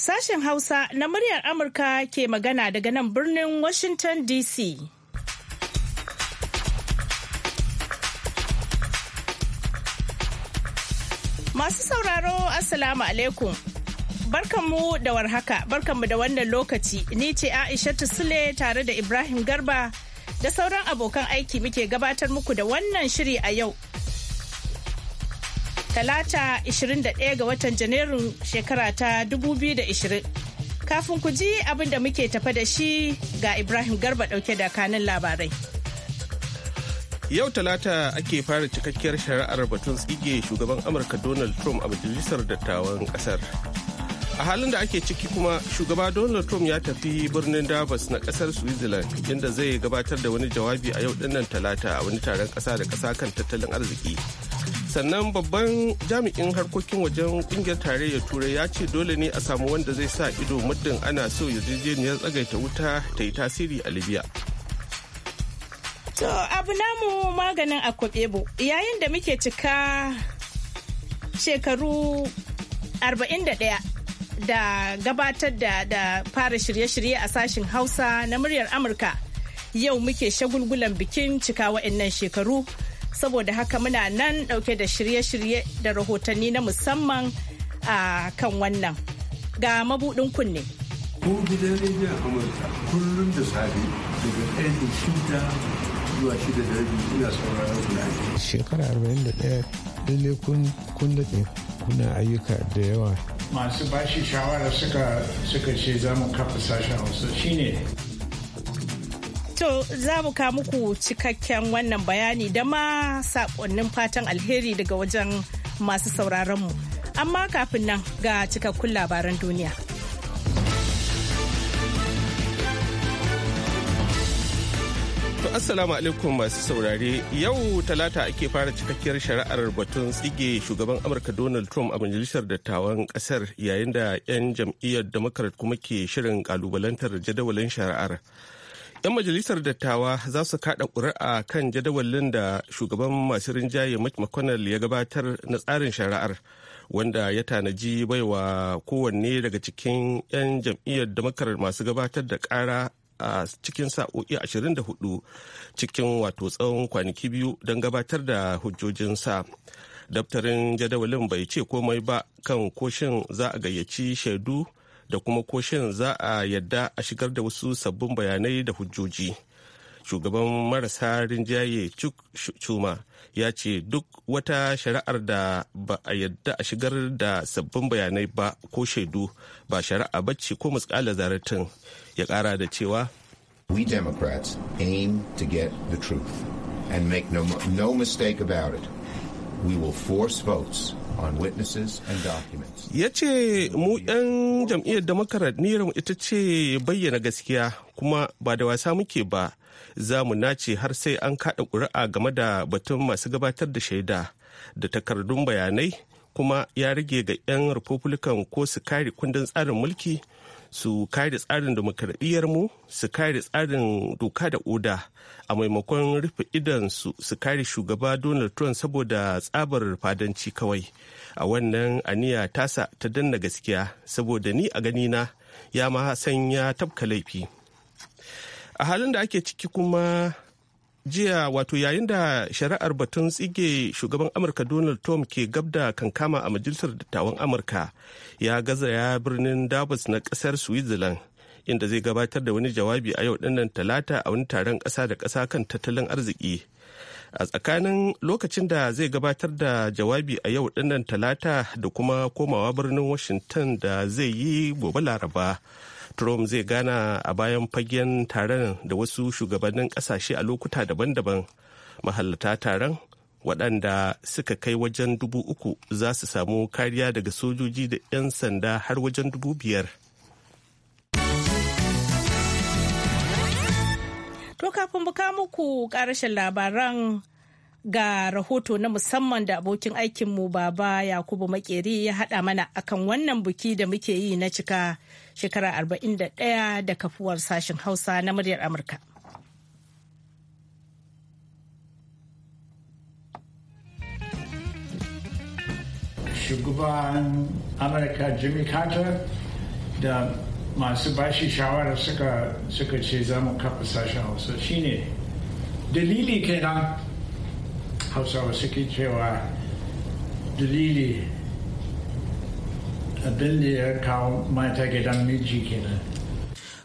Sashen Hausa na muryar Amurka ke magana daga nan birnin Washington DC. Masu sauraro Assalamu alaikum. Barkanmu da warhaka, barkanmu da wannan lokaci, ni ce Aisha Sule tare da Ibrahim Garba da sauran abokan aiki muke gabatar muku da wannan shiri a yau talata 21 ga watan janairu shekara ta 2020 kafin ku ji abin da muke tafa da shi ga ibrahim garba dauke da kanin labarai yau talata ake fara cikakkiyar shari'ar batun tsige shugaban amurka donald trump a majalisar dattawan kasar a halin da ake ciki kuma shugaba donald trump ya tafi birnin davos na kasar switzerland inda zai gabatar da wani jawabi a yau dinnan talata a wani taron kasa da kasa kan tattalin arziki sannan babban jami'in harkokin wajen kungiyar tarayyar turai ya ce dole ne a samu wanda zai sa ido muddin ana so yarjejeniyar tsagaita wuta ta yi tasiri a libya to abu namu maganin a kwabebo yayin da muke cika shekaru 41 da gabatar da da fara shirye-shirye a sashen hausa na muryar amurka yau muke shagulgulan bikin cika wa'annan shekaru saboda haka muna nan dauke da shirye-shirye da rahotanni na musamman a kan wannan ga mabudin kunne. ko gidan rediyon amurka kullum da safe daga ƙarfe shida zuwa shida da rabi ina sauraron kuna shekara arba'in da ɗaya lalle kun daɗe kuna ayyuka da yawa masu bashi shawara suka ce za mu kafa sashen hausa shine To za mu ka muku cikakken wannan bayani da ma saƙonnin fatan alheri daga wajen masu mu Amma kafin nan ga cikakkun labaran duniya. To Assalamu alaikum masu saurare yau talata ake fara cikakkiyar shari'ar batun tsige shugaban Amurka Donald Trump a majalisar dattawan kasar yayin da 'yan jam'iyyar Democrat kuma ke shirin kalubalantar jadawalin shari'ar. 'Yan majalisar dattawa za su kada ƙuri'a kan jadawalin da shugaban masu rinjaye Mitch McConnell ya gabatar na tsarin shari'ar wanda ya tanaji baiwa kowanne daga cikin 'yan jam'iyyar damakar masu gabatar da ƙara a cikin sa'o'i 24 cikin wato tsawon kwanaki biyu don gabatar da hujjojinsa. Daftarin jadawalin bai ce komai ba kan koshin za a gayyaci shaidu da kuma ko shirin za a yadda a shigar da wasu sabbin bayanai da hujjoji shugaban marasa rinjaye cuma ya ce duk wata shari'ar da ba a yadda a shigar da sabbin bayanai ba ko shaidu ba shari'a bacci ko muskala zaratin ya kara da cewa we democrats aim to get the truth and make no, no mistake about it we will force votes Ya ce mu 'yan jam'iyyar Democrat mu ita ce bayyana gaskiya kuma ba da wasa muke ba za mu nace har sai an kaɗa ƙuri'a game da batun masu gabatar da shaida da takardun bayanai kuma ya rage ga 'yan Republican ko su kare kundin tsarin mulki su kare tsarin mu su kare tsarin doka da oda a maimakon rufe idansu su kare shugaba donald trump saboda tsabar fadanci kawai a wannan aniya tasa ta danna gaskiya saboda ni a ganina ya ma sanya tafka laifi a halin da ake ciki kuma jiya wato yayin da shari'ar batun tsige shugaban amurka donald trump ke gab da kankama a majalisar dattawan amurka ya gaza ya birnin davos na kasar switzerland inda zai gabatar da wani jawabi a yau dinnan talata a wani taron kasa da kasa kan tattalin arziki a tsakanin lokacin da zai gabatar da jawabi a yau dinnan talata da kuma komawa birnin washington da zai yi gobe laraba Trump zai gana a bayan fagen taron da wasu shugabannin kasashe a lokuta daban-daban. Mahallata taron waɗanda suka kai wajen dubu uku za su samu kariya daga sojoji da 'yan sanda har wajen dubu biyar. To kafin buka muku ƙarashin labaran ga rahoto na musamman da abokin aikinmu baba yakubu makeri ya haɗa mana akan wannan buki da muke yi na cika shekara 41 da kafuwar sashen hausa na muryar amurka shugaban amurka jimmy carter da masu bashi shawara suka ce za mu kafa sashen hausa shine dalili kenan hausawa suke cewa dalili abin da ya kawo mata gidan miji kenan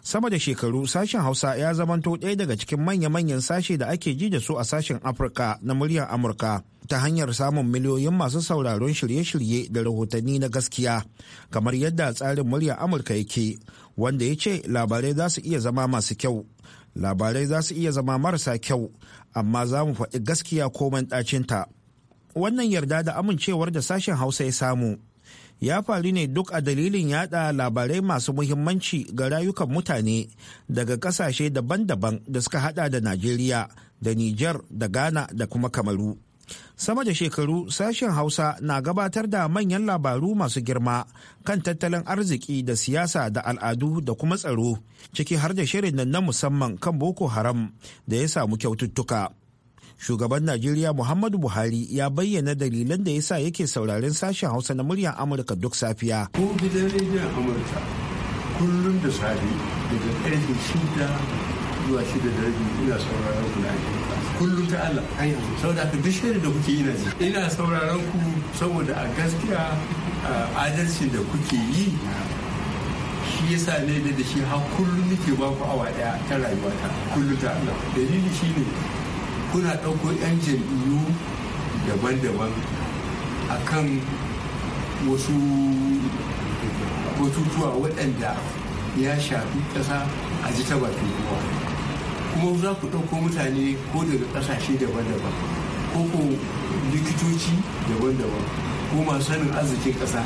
sama da shekaru sashen hausa ya zamanto ɗaya daga cikin manya-manyan sashe da ake ji da su a sashen afirka na muryar amurka ta hanyar samun miliyoyin masu sauraron shirye-shirye da rahotanni na gaskiya kamar yadda tsarin muryar amurka yake wanda ya ce labarai za su iya zama masu kyau labarai za su iya zama marasa kyau amma za mu faɗi gaskiya ko ɗacinta wannan yarda da amincewar da sashen hausa ya samu ya faru ne duk a dalilin yada labarai masu muhimmanci ga rayukan mutane daga kasashe daban-daban da suka hada da najeriya da niger da ghana da kuma kamaru sama da shekaru sashen hausa na gabatar da manyan labaru masu girma kan tattalin arziki da siyasa da al'adu da kuma tsaro ciki har da shirin nan na musamman kan boko haram da ya samu kyaututtuka shugaban najeriya muhammadu buhari ya bayyana dalilan da yasa yake sauraren sashen hausa na muryar amurka duk safiya amurka kullum da safe daga ƙarfe shida zuwa shida da rabi ina sauraron kuna kullum ta Allah saboda ka duk shirin da kuke yi na ji ina sauraron ku saboda a gaskiya adalcin da kuke yi shi yasa ne da shi har kullum nake ba ku awa daya ta rayuwata kullum ta Allah dalili shine kuna ɗauko 'yan jam'iyyu daban-daban a kan wasu batutuwa waɗanda ya shafi ƙasa a ji ta bakin kowa kuma za ku ɗauko mutane ko daga ƙasashe daban-daban ko ko likitoci daban-daban ko masu sanin arzikin ƙasa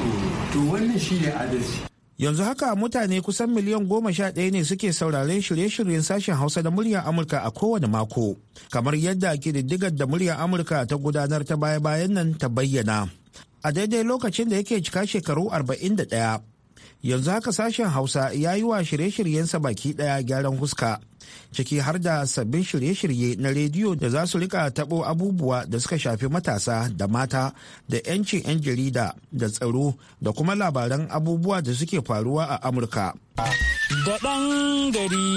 to wannan shi ne adalci yanzu haka mutane kusan miliyan goma sha ɗaya ne suke sauraren shirye-shiryen sashen hausa da muryar amurka a kowane mako kamar yadda ƙididdigar da muryar amurka ta gudanar ta baya-bayan nan ta bayyana a daidai lokacin da yake cika shekaru arba'in da ɗaya. yanzu haka sashen hausa ya yi wa shirye-shiryensa baki ɗaya gyaran huska ciki har da sabbin shirye-shirye na rediyo da za su rika tabo abubuwa da suka shafi matasa da mata da 'yancin 'yan jarida da tsaro da kuma labaran abubuwa da suke faruwa a amurka da ɗan gari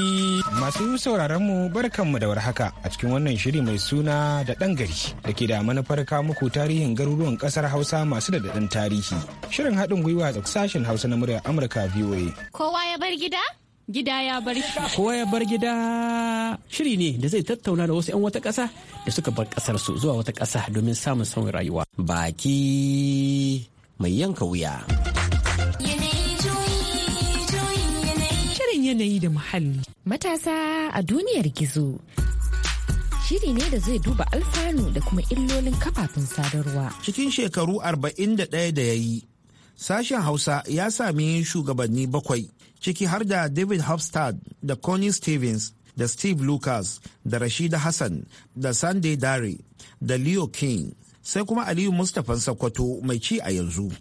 masu sauraron mu barkanmu da warhaka a cikin wannan shiri mai suna da ɗan gari da ke da manufar muku tarihin garuruwan ƙasar hausa masu da daɗin tarihi shirin haɗin gwiwa da sashen hausa na muryar amurka voa kowa ya bar gida gida ya bar kowa ya bar gida shiri ne da zai tattauna da wasu 'yan wata ƙasa da suka bar ƙasar su zuwa wata ƙasa domin samun sauyin rayuwa baki mai yanka wuya shirin yanayi da muhalli matasa a duniyar gizo shiri ne da zai duba alfanu da kuma illolin kafafen sadarwa. Cikin shekaru 41 da ya yi, sashen Hausa ya sami shugabanni bakwai ciki har da david hofstad da connie stevens da steve lucas da rashida hassan da sunday dare da leo king sai kuma aliyu mustapha sakwato mai ci a yanzu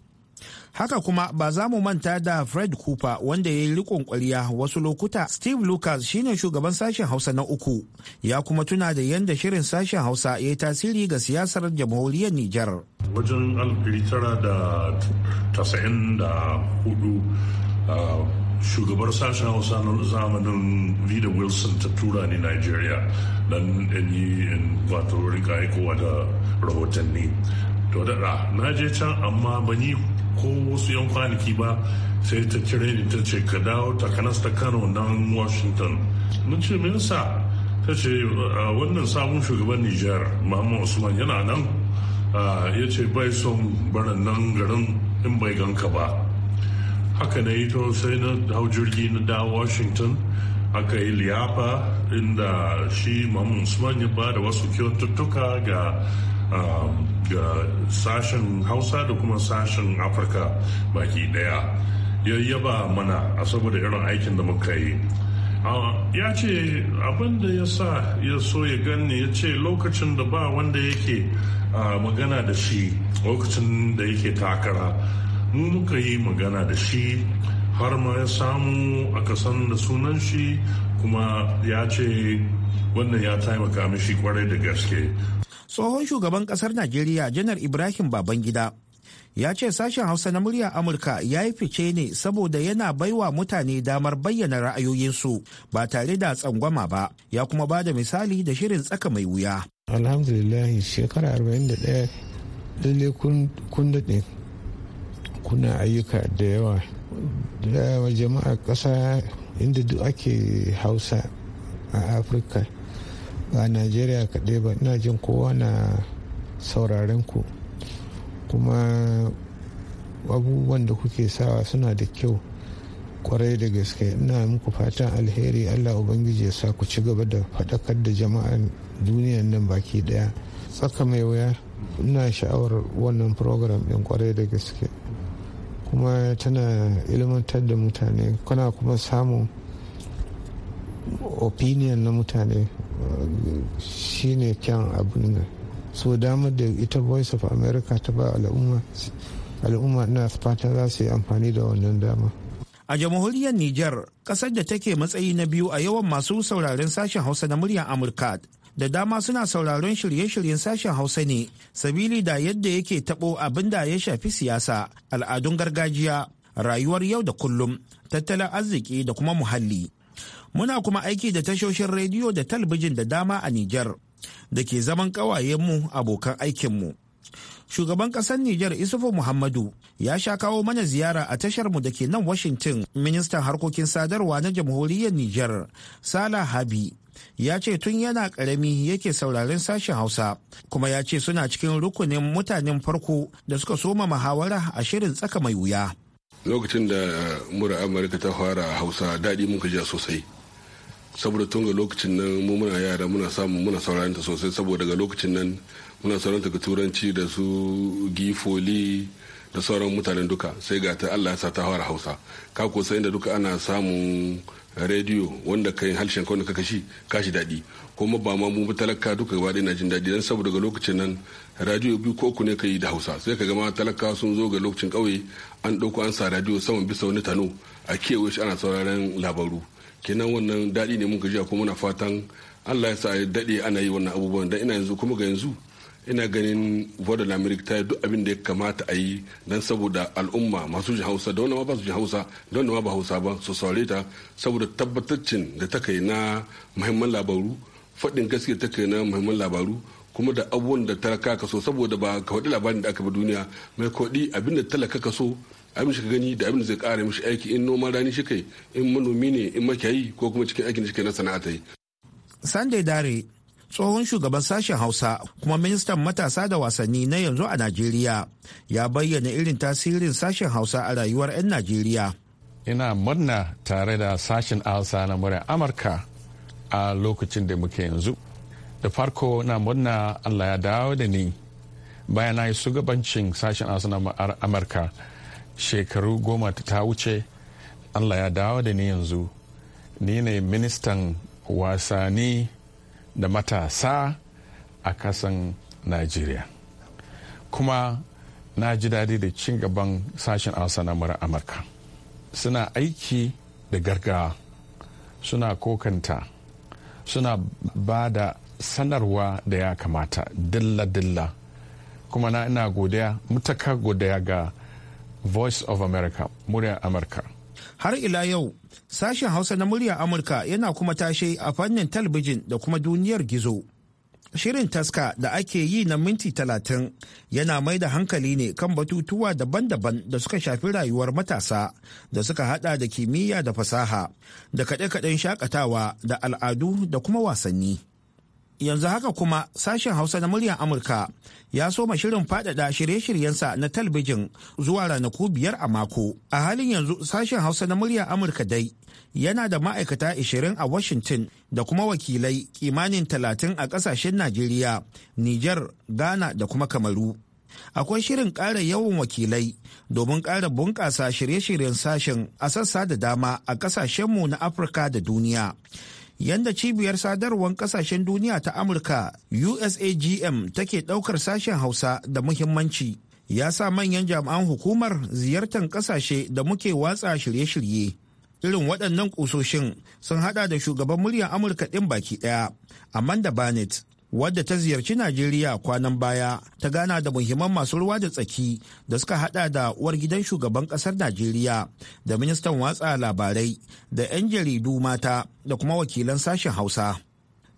haka kuma ba za mu manta da fred cooper wanda ya yi rikon ƙwarya wasu lokuta steve lucas shine shugaban sashen hausa na uku ya kuma tuna da yadda shirin sashen hausa ya yi tasiri ga siyasar jamhuriyar nijar wajen 1994 shugabar sashen hausa na zamanin vida wilson ta tura ni nigeria don in yi in wato rika aikowa da rahotanni to daɗa na je can amma ban yi ko wasu yan kwanaki ba sai ta kire ni ta ce ka dawo takanas ta kano nan washington Mun ce me sa. ta ce wannan sabon shugaban nijar muhammad usman yana nan ya ce bai son barin nan garin in bai ganka ba haka na yi to sai na hau jirgi na da washington aka yi liyafa inda shi mamun usman ya ba da wasu kyaututtuka um, ga sashen hausa da kuma sashen afirka baki daya ya yaba mana a saboda irin aikin da muka yi ya ce abin da ya sa ya so ya gani ya ce lokacin da ba wanda yake uh, magana da shi lokacin da yake takara mu muka yi magana da shi har ma ya samu aka san da sunan shi kuma ya ce wannan ya taimaka mishi kwarai da gaske tsohon shugaban kasar najeriya janar ibrahim babangida ya ce sashen hausa na murya amurka ya yi fice ne saboda yana baiwa mutane damar bayyana ra'ayoyinsu ba tare da tsangwama ba ya kuma ba da misali da shirin tsaka mai wuya alhamdulillah shekara 41 lalle kun daɗe kuna ayyuka da yawa da jama'a ƙasa inda duk ake hausa a afirka a najeriya kaɗai ba ina jin kowa na sauraren ku kuma abubuwan da kuke sawa suna da kyau kwarai da gaske ina muku fatan alheri allah ubangiji ya sa ku ci gaba da faɗakar da jama'an duniyan nan baki daya tsaka mai wuya ina sha'awar wannan program ɗin kwarai da gaske kuma tana ilmantar da mutane kuna kuma samun opinion na mutane shine kyan abin nan so damar da ita voice of america ta ba al'umma al'umma na fata za su yi amfani da wannan dama a jamhuriyar niger kasar da take matsayi na biyu a yawan masu sauraren sashen hausa na muryar amurka da dama suna sauraron shirye-shiryen sashen hausa ne sabili da yadda yake tabo abin da ya shafi siyasa al'adun gargajiya rayuwar yau da kullum tattalin arziki da kuma muhalli muna kuma aiki da tashoshin rediyo da talabijin da dama a nijar da ke zaman ƙawayenmu abokan aikinmu shugaban ƙasar Nijar Isufu Muhammadu ya sha kawo mana ziyara a tashar mu da ke nan Washington ministan harkokin sadarwa na jamhuriyar Nijar Sala Habi ya ce tun yana karami yake sauraren sashen hausa kuma ya ce suna cikin rukunin mutanen farko da suka soma muhawara a shirin tsaka mai wuya lokacin da mura amurka ta fara hausa daɗi muka ji sosai saboda tun ga lokacin nan mu muna yara muna samu muna sauraron ta sosai saboda ga lokacin nan muna sauraron ga turanci da su gifoli da sauran mutanen duka sai ga ta allah ya sa ta fara hausa ka sai da duka ana samun rediyo wanda kai harshen kawai kaka shi kashi daɗi kuma ba ma mu talaka duka gaba na jin daɗi dan saboda ga lokacin nan radiyo biyu ko uku ne ka yi da hausa sai ka gama talaka sun zo ga lokacin ƙauye an ɗauko an sa radiyo saman bisa wani tano a kewaye shi ana sauraron labaru kenan wannan daɗi ne mun gajiya kuma muna fatan allah ya sa daɗe ana yi wannan abubuwan don ina yanzu kuma ga yanzu ina ganin vodal america ta yi duk abin da ya kamata a yi don saboda al'umma masu jin hausa da wanda ma ba su jin hausa da wanda ma ba hausa ba su saurare ta saboda tabbataccin da ta kai na muhimman labaru faɗin gaskiya ta kai na muhimman labaru kuma da abubuwan da talaka ka so saboda ba ka faɗi labarin da aka bi duniya mai kwaɗi abin da talaka ka so abin shi ka gani da abin da zai kara mishi aiki in noman rani shi kai in manomi ne in makiyayi ko kuma cikin aikin shi kai na sana'a ta yi. Sanjay Dare tsohon shugaban sashen hausa kuma ministan matasa da wasanni na yanzu a najeriya ya bayyana irin tasirin sashen hausa a rayuwar 'yan najeriya ina murna tare da sashen hausa na murya amurka a lokacin da muke yanzu da farko na murna allah ya dawo da ni bayan na yi shugabancin sashen hausa na amurka shekaru goma ta wuce allah ya dawo da ni yanzu ni ne ministan wasanni da matasa a kasan najeriya kuma na ji daɗi da cin gaban sashen hausa na mara amurka suna aiki da gargawa suna kokanta suna ba da sanarwa da ya kamata dilla-dilla kuma na ina godiya mutaka godiya ga voice of america muryar amurka har ila yau Sashen Hausa na muryar Amurka yana kuma tashe a fannin talbijin da kuma duniyar gizo. Shirin taska da ake yi na minti talatin yana mai da hankali ne kan batutuwa daban-daban da suka shafi rayuwar matasa da suka hada da kimiyya da fasaha da kaɗe-kaɗen shakatawa da al'adu da kuma wasanni. yanzu haka kuma sashen hausa na muryar amurka ya soma shirin fadada shirye-shiryensa na talbijin zuwa ranaku biyar a mako a halin yanzu sashen hausa na muryar amurka dai yana da ma'aikata 20 a washington da kuma wakilai kimanin 30 a kasashen najeriya niger ghana da kuma kamaru akwai shirin ƙara yawan wakilai domin ƙara bunƙasa shirye-shiryen sashen a sassa da dama a ƙasashenmu na afirka da duniya yadda cibiyar sadarwar kasashen duniya ta amurka usagm take ɗaukar sashen hausa da muhimmanci ya sa manyan jami'an hukumar ziyartar kasashe da muke watsa shirye-shirye irin waɗannan ƙusoshin sun hada da shugaban muryar amurka ɗin baki ɗaya amanda barnett wadda ta ziyarci Najeriya kwanan baya ta gana da muhimman masu ruwa da tsaki da suka hada da uwar gidan shugaban kasar Najeriya da ministan watsa labarai da 'yan jaridu mata da kuma wakilan sashen Hausa.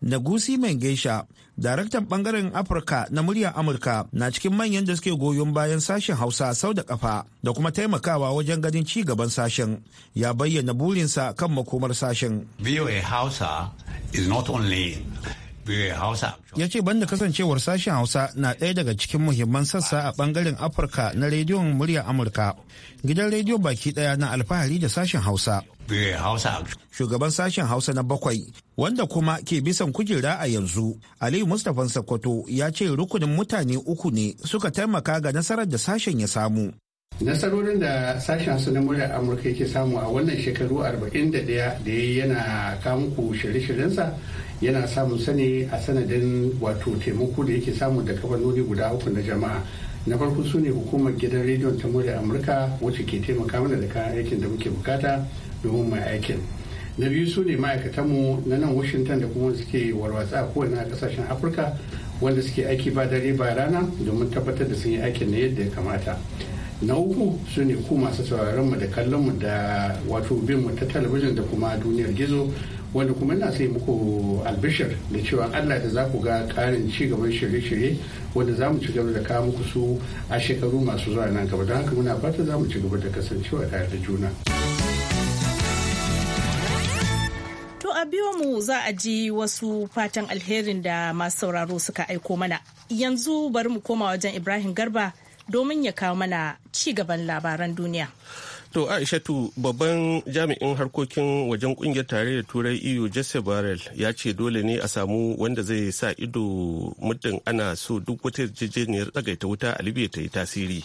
Nagusi Mengesha, daraktan bangaren Afirka na muryar Amurka na cikin manyan da suke goyon bayan sashen Hausa sau da kafa da kuma taimakawa wajen ganin ci gaban sashen ya bayyana burinsa kan makomar sashen. VOA Hausa is not only ya ce banda kasancewar sashen hausa na ɗaya daga cikin muhimman sassa a ɓangaren afirka na rediyon murya amurka gidan rediyo baki ɗaya na alfahari da sashen hausa shugaban sashen hausa na bakwai wanda kuma ke bisan kujera a yanzu aliyu mustapha sokoto ya ce rukunin mutane uku ne suka taimaka ga nasarar da sashen ya samu nasarorin da sashen su na muryar amurka yake samu a wannan shekaru 41 da ya yana kamuku shirye-shiryensa yana samun sani a sanadin wato taimako da yake samu da kafanoni guda uku na jama'a na farko su ne hukumar gidan rediyon ta muryar amurka wacce ke taimaka mana da kayan aikin da muke bukata domin mai aikin na biyu su ne ma'aikatanmu na nan washington da kuma suke warwatsa a kowane kasashen afirka wanda suke aiki ba dare ba rana domin tabbatar da sun yi aikin na yadda ya kamata na uku su ne ku masu sauraron mu da kallon mu da wato bin ta talabijin da kuma duniyar gizo wanda kuma ina sai muku albishir da cewa allah da za ku ga karin ci gaban shirye-shirye wanda za mu ci gaba da kawo muku su a shekaru masu zuwa nan gaba don haka muna fata za mu ci gaba da kasancewa tare da juna. to a biyo mu za a ji wasu fatan alherin da masu sauraro suka aiko mana. Yanzu bari mu koma wajen Ibrahim Garba domin ya kawo mana ci gaban labaran duniya. To Aishatu babban jami'in harkokin wajen kungiyar tarayyar turai EU Jesse Barrel ya ce dole ne a samu wanda zai sa ido muddin ana so duk wata yarjejeniyar tsagaita wuta a Libya ta yi tasiri.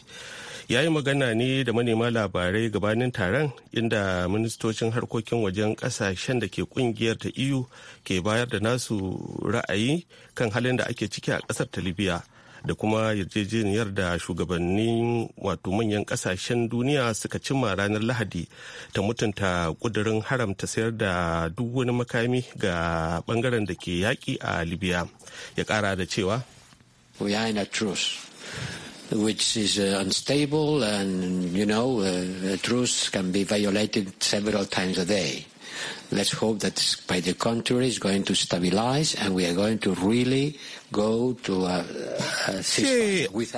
Ya yi magana ne da manema labarai gabanin taron inda ministocin harkokin wajen kasashen da ke kungiyar ta EU ke bayar da nasu ra'ayi kan halin da ake ciki a kasar ta Libya. da kuma yarjejeniyar da shugabannin wato manyan kasashen duniya suka cimma ranar lahadi ta mutunta kudurin haramta sayar da duk wani makami ga bangaren da ke yaƙi a libya ya kara da cewa we are in a truce which is uh, unstable and you know uh, a truce can be violated several times a day let's hope that by the contrary it's going to stabilize and we are going to really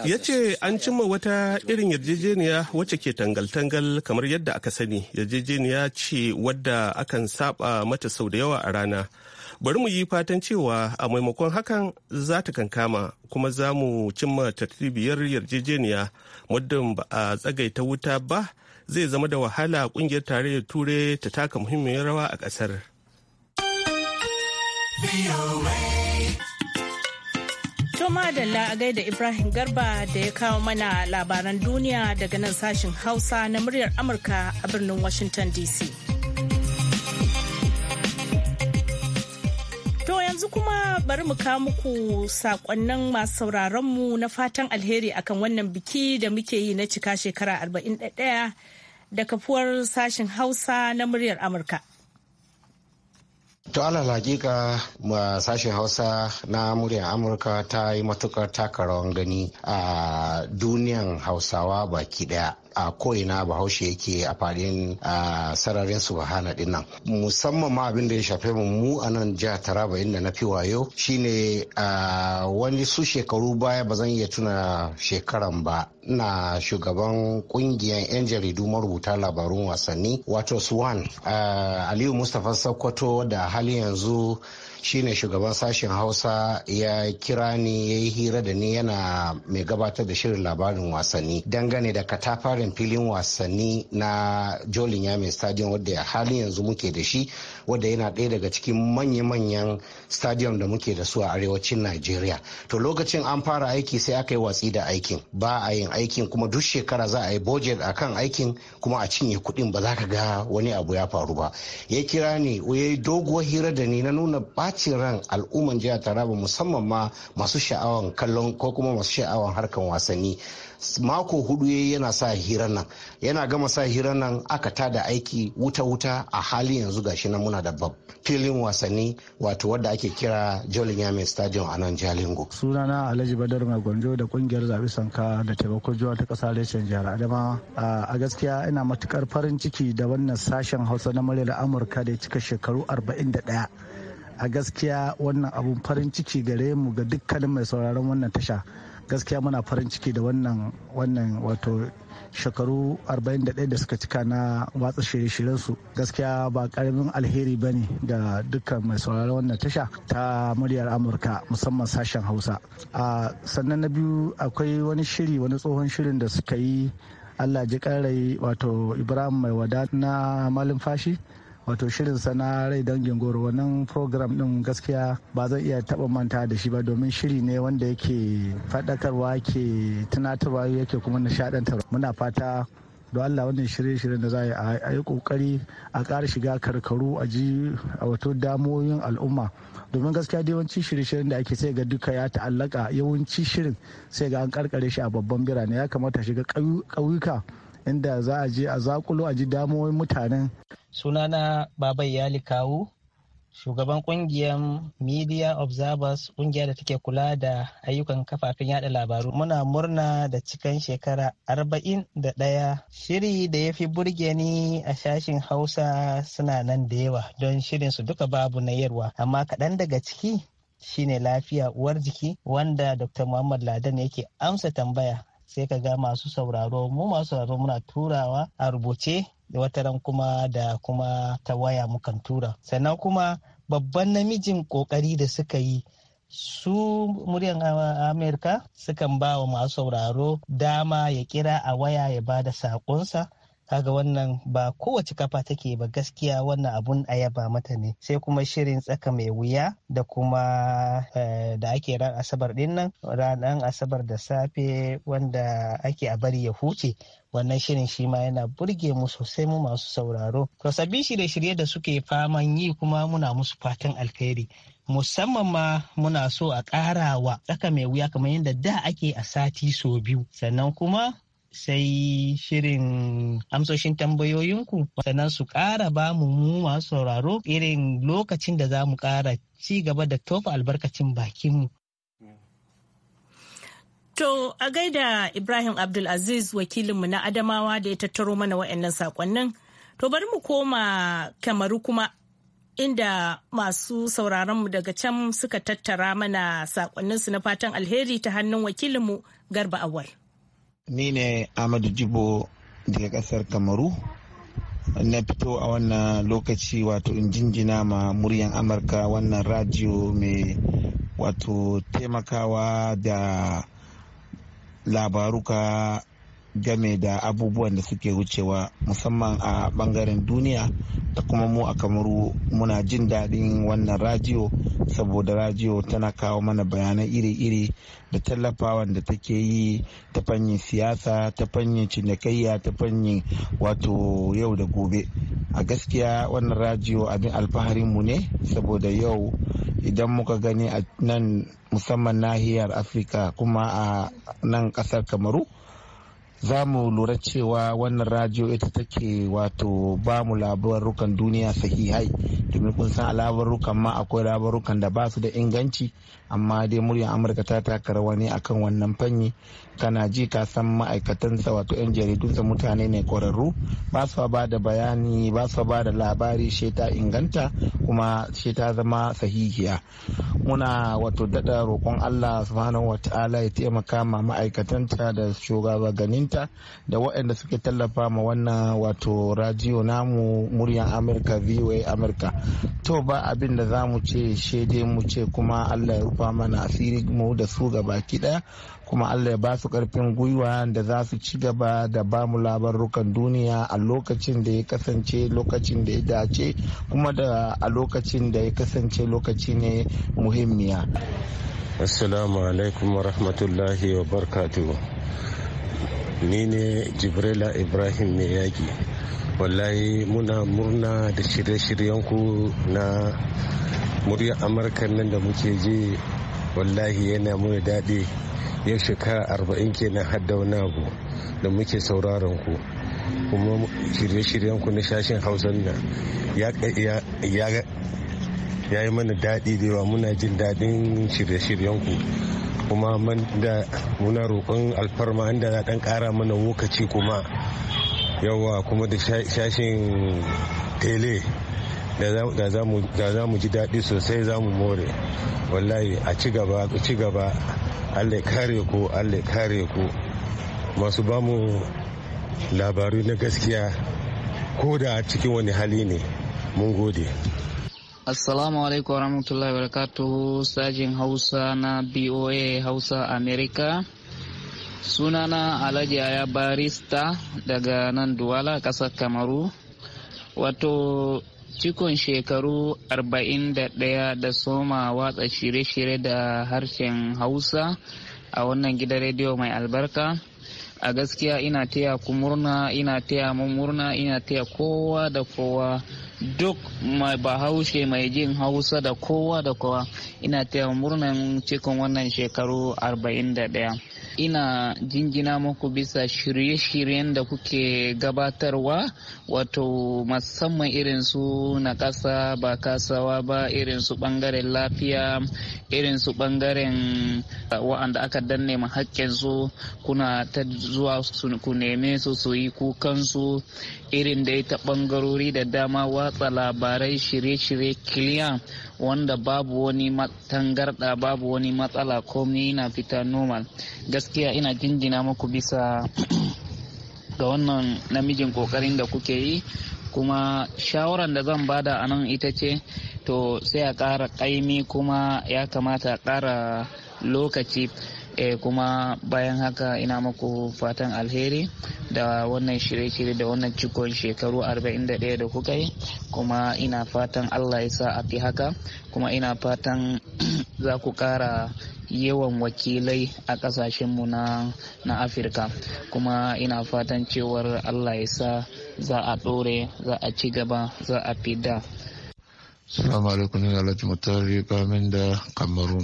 ya ce an cimma wata irin yarjejeniya wacce ke tangal-tangal kamar yadda aka sani yarjejeniya ce wadda akan saba mata sau da yawa a rana bari mu yi fatan cewa a maimakon hakan za ta kankama kuma za mu cimma tartibiyar yarjejeniya muddin ba a tsagaita wuta ba zai zama da wahala kungiyar tarayyar turai ta taka muhimmiyar rawa a ƙasar. To madalla a gaida Ibrahim Garba da ya kawo mana labaran duniya daga nan sashen Hausa na muryar Amurka a birnin Washington DC. To yanzu kuma bari mu kawo muku sakonnin masu sauraronmu na fatan alheri akan wannan biki da muke yi na cika shekara 41 da kafuwar sashen Hausa na muryar Amurka. To alal hakika sashen Hausa na muryar Amurka ta yi matukar taka rawan gani a duniyan Hausawa baki daya. a ko'ina bahaushe yake a fadin sararin su din nan musamman ma abin da ya shafe mu mu a nan jihar taraba inda na fi wayo shine wani su shekaru baya ba zan iya tuna shekaran ba na shugaban kungiyar 'yan jaridu marubuta labarun wasanni wato swan eh, aliyu mustapha sokoto da hali yanzu shine shugaban sashen hausa ya kira ni ya yi hira da ni yana mai gabatar da shirin labarin wasanni dangane da katafarin filin wasanni na jolin mai stadium wadda ya halin yanzu muke da shi wadda yana ɗaya daga cikin manya-manyan stadium da muke da su a arewacin nigeria to lokacin an fara aiki sai aka yi watsi da aikin ba a yin aikin kuma duk shekara za a yi budget a kan aikin kuma a cinye kuɗin ba za ka ga wani abu ya faru ba ya kira ni ya yi doguwar hira da ni na nuna ba bacin ran al'umman jihar taraba musamman ma masu sha'awan kallon ko kuma masu sha'awan harkan wasanni mako hudu yana sa hirar nan yana gama sa hirar nan aka ta da aiki wuta-wuta a hali yanzu gashi nan muna da bab filin wasanni wato wadda ake kira jolin yamin stadium a nan jalingo sunana alhaji badar mai gwanjo da kungiyar zabi sanka da taimakon juwa ta kasa reshen jihar adama a gaskiya ina matukar farin ciki da wannan sashen hausa na muryar amurka da ya cika shekaru arba'in da 41 a gaskiya wannan abun farin ciki gare mu ga dukkanin mai sauraron wannan tasha gaskiya muna farin ciki da wannan wannan wato shekaru 41 da suka cika na watsa shirye-shiryen su gaskiya ba karamin alheri ba ne da dukkan mai sauraron wannan tasha ta muryar amurka musamman sashen hausa a sannan na biyu akwai wani shiri wani tsohon shirin da suka yi allah ji karai wato ibrahim mai wada na malin fashi wato shirin sana rai dangin goro wannan program din gaskiya ba zan iya taba manta da shi ba domin shiri ne wanda yake faɗakarwa ke tunatarwa yake kuma nishaɗantar muna fata don Allah wannan shirye-shiryen da za a yi kokari a ƙara shiga karkaru a ji a wato damoyin al'umma domin gaskiya da yawanci shirye-shiryen da ake sai ga duka ya ta'allaka yawanci shirin sai ga an karkare shi a babban birane ya kamata shiga ƙauyuka inda za a je a zakulo a ji damuwar mutanen. Sunana Baba Iyali Kawu, shugaban kungiyar Media Observers kungiya da take kula da ayyukan kafafen yada labaru. Muna murna da cikan shekara arba'in da ɗaya. Shiri da ya fi burge ni a shashin Hausa suna nan da yawa don shirin su duka babu na yarwa. Amma kaɗan daga ciki shine lafiya uwar jiki wanda Dr. Muhammad Ladan yake amsa tambaya sai ka ga masu sauraro mu masu sauraro muna turawa a rubuce da wataran kuma da kuma ta waya mukan tura sannan kuma babban namijin kokari da suka yi su muryan amurka sukan ba wa masu sauraro dama ya kira a waya ya ba da saƙonsa kaga wannan ba kowace kafa take ba gaskiya wannan abun a yaba mata ne sai kuma shirin tsaka mai wuya da kuma eh, da ake ran asabar din nan ranar asabar da safe wanda ake a bari ya huce wannan shirin shi ma yana burge mu sosai mu masu sauraro to sabbin shirye-shirye da suke faman yi kuma muna musu fatan alkhairi musamman ma muna so a ƙara tsaka mai wuya kamar yadda da ake a sati so biyu sannan kuma sai shirin amsoshin tambayoyinku sannan su ƙara ba mu mu masu sauraro irin lokacin da za mu ƙara ci gaba da tofa albarkacin bakinmu. To a gaida Ibrahim Abdulaziz wakilinmu na Adamawa da ya tattaro mana wayannan saƙonnin. To bari mu koma kamaru kuma inda masu sauraronmu daga can suka tattara mana saƙonninsu na fatan alheri ta hannun wakilinmu Garba Awal. Ni ne Amadu Jibo daga kasar Kamaru. Na fito a wannan lokaci wato in jinjina ma muryan Amurka wannan radio mai wato taimakawa da labaruka game da abubuwan da suke wucewa musamman a bangaren duniya da kuma mu a kamaru muna jin daɗin wannan rajiyo saboda rajiyo tana kawo mana bayanai iri-iri da tallafawan da take yi ta fanyin siyasa ta fanyin cinikayya ta fanyin wato yau da gobe a gaskiya wannan rajiyo abin alfaharin mu ne saboda yau idan muka gani a nan musamman nahiyar afirka kuma a nan kasar kamaru za mu lura cewa wannan radio ita take wato ba mu labarukan duniya sahihai domin kun san labarukan ma akwai labarukan da ba su da inganci amma dai muryar amurka ta taka rawa ne akan wannan fanni kana ji ka san ma'aikatansa wato 'yan jaridun sa mutane ne kwararru ba su ba da bayani ba su ba da labari she ta inganta kuma she ta zama sahihiya muna wato dada roƙon allah subhanahu wa ta'ala ya taimaka ma ma'aikatanta da ganin. ita da waɗanda suke tallafa ma wannan wato radio namu muryan amurka voa amurka to ba abin da za mu ce shede mu ce kuma allah ya rufa mana asiri mu da su gaba ɗaya kuma allah ya ba su karfin gwiwa da za su ci gaba da ba mu labarukan duniya a lokacin da ya kasance lokacin da ya dace kuma da a lokacin da ya kasance lokaci ne muhimmiya assalamu alaikum wa rahmatullahi wa barkatu ni ne jibrila ibrahim mai yaki wallahi muna murna da shirye-shiryenku na murya amurka nan da muke je wallahi yana muna daɗi ya shekara arba'in kenan hadda wani abu da muke sauraron ku kuma shirye-shiryenku na shashin hausan nan ya yi mana daɗi da yawa muna jin daɗin shirye-shiryenku kuma da muna roƙon alfarma inda ya ɗan ƙara mana lokaci kuma yawa kuma da shashin tele da za mu ji daɗi sosai za mu more wallahi a ci gaba a ci gaba allai kare ku allai kare ku masu ba mu labaru na gaskiya ko da cikin wani hali ne mun gode Assalamu alaikum warahmatullahi wabarakatuh sajin Hausa na BOA Hausa America. Sunana Alhaji Aya Barista daga nan Duwala ƙasar Kamaru. Wato cikon shekaru 41 da soma watsa shirye-shirye da harshen Hausa a wannan gidan rediyo mai albarka. A gaskiya ina taya ku murna, ina taya mu murna, ina taya kowa da kowa. duk mai bahaushe mai jin hausa da kowa da kowa ina taya murnan cikin wannan shekaru 41 ina jingina muku bisa shirye-shiryen da kuke gabatarwa wato musamman irin su na kasa ba kasawa ba irin su bangaren lafiya irin su bangaren eh, wa'anda aka danne ma su kuna ta zuwa ku neme su su yi kukansu irin da ta bangarori da dama watsa labarai shirye-shirye kiliya wanda babu wani tangarda babu wani matsala komai na fita normal gaskiya ina jinjina muku bisa ga wannan namijin kokarin da kuke yi kuma shawaran da zan bada a nan ita ce to sai a ƙara ƙaimi kuma ya kamata a ƙara lokaci e, kuma bayan haka ina muku fatan alheri da wannan shirye-shirye da wannan cikon shekaru 41 da kuka yi kuma ina fatan allah ya sa a fi haka kuma ina fatan za ku ƙara yawan wakilai a kasashenmu na na afirka kuma ina fatan cewar allah ya sa za a ɗore za a ci gaba za a fida salamu alaikum ne lati mutari bamin da kamaru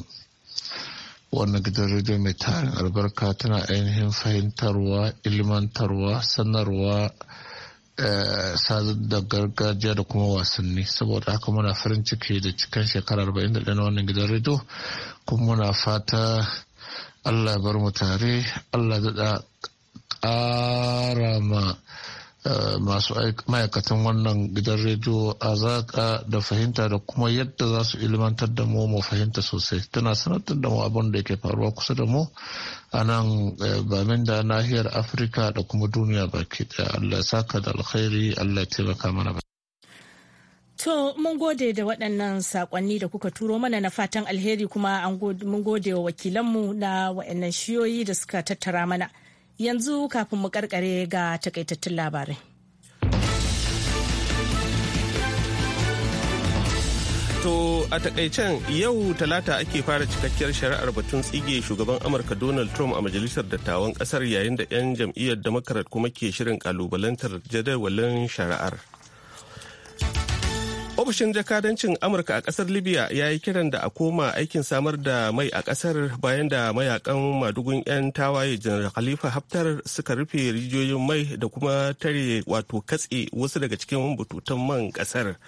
wannan gidan rediyo mai tarin albarka tana ainihin fahimtarwa ilmantarwa sanarwa Eh, sadar da gargajiya da kuma wasanni saboda haka muna farin ciki da cikin shekara 41 na wannan gidan rediyo kuma muna fata allah bar mu tare allah da ƙara ma Eh, masu ma'aikatan wannan gidan rediyo a zaka da fahimta da kuma yadda za su ilmantar da mu mu fahimta sosai tana sanatar da mu abin da ke faruwa kusa da mu a nan eh, bamin da nahiyar afirka da kuma duniya baki daya allah saka da alkhairi allah taimaka mana To mun gode da waɗannan sakonni da kuka turo mana na fatan alheri kuma mun gode wa wakilanmu na waɗannan shiyoyi da suka tattara mana. yanzu kafin mu karkare ga takaitattun labarai To a takaicen yau talata ake fara cikakkiyar shari'ar batun tsige shugaban Amurka Donald Trump a majalisar dattawan kasar yayin da 'yan jam'iyyar Democrat kuma ke shirin kalubalantar jadawalin shari'ar. ofishin jakadancin amurka a kasar libya ya yi kiran da a koma aikin samar da mai a kasar bayan da mayakan madugun 'yan tawaye janar khalifa haftar suka rufe rijiyoyin mai da kuma tare wato katse wasu daga cikin bututun man kasar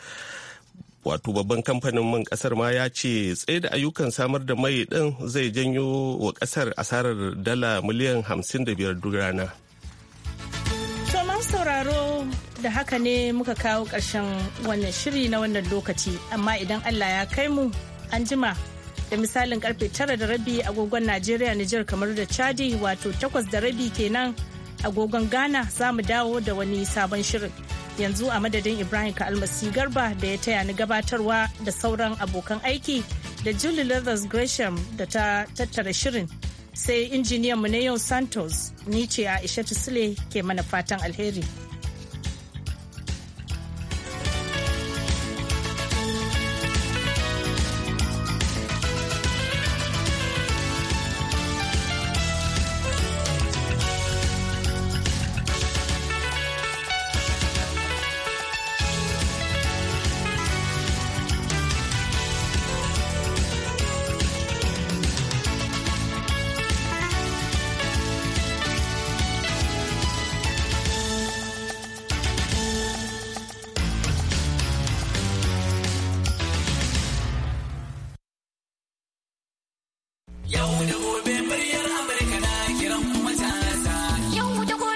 wato babban kamfanin man kasar ma ya ce tsaye da ayyukan samar da mai din zai janyo wa kasar asarar dala miliyan 55 duk rana. sauraro da haka ne muka kawo ƙarshen wannan shiri na wannan lokaci amma idan Allah ya kai mu an jima da misalin karfe tara da rabi agogon Najeriya Nijar kamar da Chadi wato takwas da rabi kenan agogon Ghana za mu dawo da wani sabon shirin. Yanzu a madadin Ibrahim kalmasi Garba da ya taya ni gabatarwa da sauran abokan aiki da Julie Leathers Gresham da ta tattara shirin. sai injiniyan mu na yau santos ni ce a ishatu sule ke mana fatan alheri